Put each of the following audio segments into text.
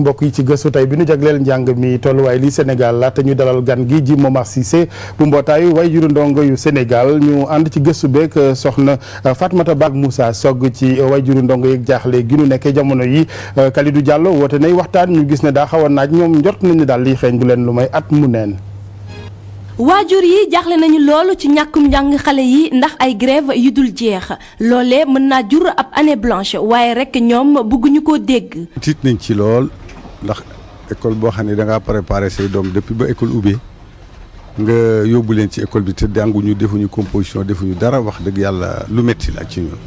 mbokk yi ci gëstu tey bi ñu jagleel njàng mi tolluwaay li Sénégal laata ñu dalal gan gi ji Momar Cissé bu mbootaayu wayjuru ndongo yu Sénégal ñu ànd ci gëstu beeg euh, soxna euh, Fatmata Bag Moussa Sogg ci way euh, wayjuru ndongo yeeg jaaxle gi ñu nekk jamono yi Kalidou Diallo woote nay waxtaan ñu gis ne daa xaw a naaj ñoom njort nañu daal liy xeeñ du leen lu may at mu waa waajur yi jaaxle nañu lool ci ñàkkum njàng xale yi ndax ay grève yu dul jeex loolee mën naa jur ab a blanche waaye rek ñoom bëgguñu koo dégg. tiit nañ ci lool ndax école boo xam ne da ngaa préparé say doom depuis ba école ubbee nga yóbbu leen ci école bi te jànguñu defuñu composition defuñu dara wax dëgg yàlla lu metti la ci ñun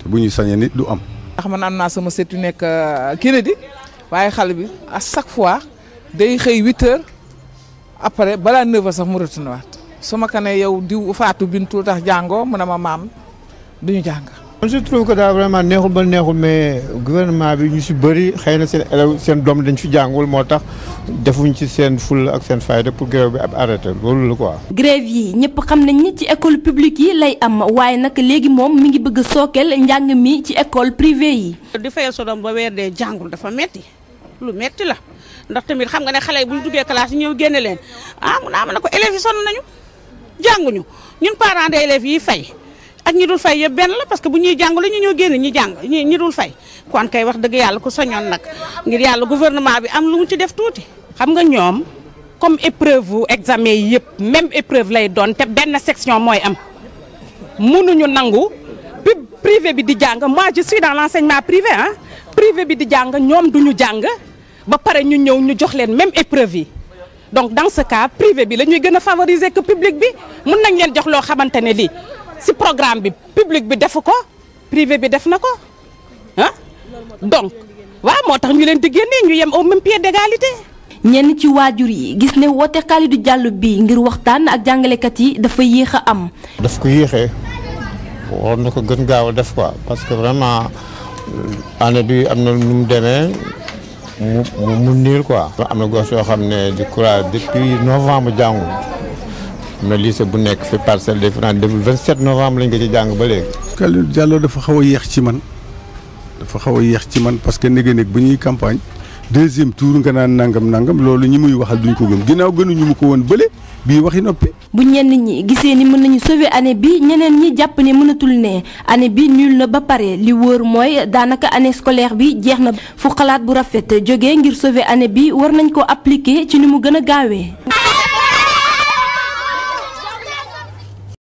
te bu ñu sañee nit du am. ndax ma am naa sama set yu nekk crédit euh, waaye xale bi à chaque fois day xëy huit heures après balaa neuf sax mu retourné waat su ma ko ne yow diw faatu bintu tax jàngoo mu a ma maam duñu jàng. je trouve que daal vraiment neexul ba neexul mais guvernement bi ñu si bëri xëy na seen élèves seen doom dañ fi jàngul moo tax defuñ ci seen fulla ak seen fayda pour grève bi ab arrêté loolu la quoi. grève yi ñëpp xam nañ ñi ci école publique yi lay am waaye nag léegi moom mi ngi bëgg a sookeel njàng mi ci école privée yi. di fayal sa doom ba weer dee jàngul dafa metti lu metti la ndax tamit xam nga ne xale yi bu ñu duggee classe yi ñëw génne leen ah mun naa mën na ko élèves yi sonn nañu jànguñu ñun parents des yi fay. ak ñi dul fay yëpp benn la parce que bu ñuy jàngale ñu ñoo génn ñi jàng ñi ñi dul fay kon kay wax dëgg yàlla ku soñoon nag ngir yàlla guvernement bi am lu mu ci def tuuti. xam nga ñoom comme épreuve wu examen yi yëpp même épreuve lay doon te benn section mooy am mënuñu nangu privé bi di jàng moi je suis dans l'enseignement privé ah privé bi di jàng ñoom du ñu jàng ba pare ñu ñëw ñu jox leen même épreuve yi. donc dans ce cas privé bi la ñuy gën a favoriser que public bi mën nañ leen jox loo xamante ne lii si programme bi public bi defu ko privé bi def na ko ah. donc waaw moo tax ñu leen di génne ñu yem au même pied ñenn ci waajur yi gis ne woote Khalidou jàll bii ngir waxtaan ak jàngalekat yi dafa yéex a am. daf ko yéexee waroon na ko gën gaaw a def ko parce que vraiment année bi am na nu mu demee mu mu niil quoi. am na gos yoo xam ne di courage depuis novembre jàngul. xam bu nekk fi Parcelles Assainies depuis 27 novembre ko ci jàng ba léegi. Kalidou Diallo dafa xaw a yéex ci man dafa xaw a yéex ci man parce que néeg-néeg bu ñuy campagne deuxième tour nga naan nangam nangam loolu ñi muy waxal duñ ko gëm ginnaaw gënuñu mu ko woon bële bii waxi noppi. bu ñenn ñi gisee ni mën nañu sauver année bi ñeneen ñi jàpp ne mënatul ne année bi nul na ba pare li wóor mooy daanaka année scolaire bi jeex na fu xalaat bu rafet jógee ngir sauver année bi war nañ ko appliquer ci ni mu gën a gaawee.